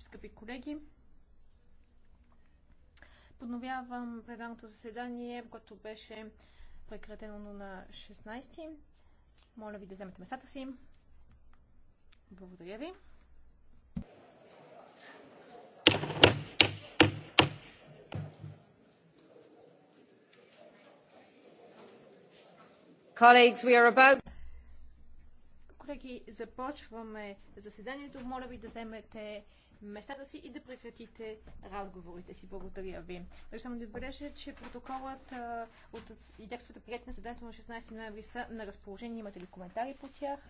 скъпи колеги. Подновявам пленарното заседание, което беше прекратено на 16. Моля ви да вземете местата си. Благодаря ви. Colleagues, we are about въпреки започваме заседанието, моля ви да вземете местата си и да прекратите разговорите си. Благодаря ви. само да отбележа, че протоколът а, от, и текстовете приятели на заседанието на 16 ноември са на разположение. Имате ли коментари по тях?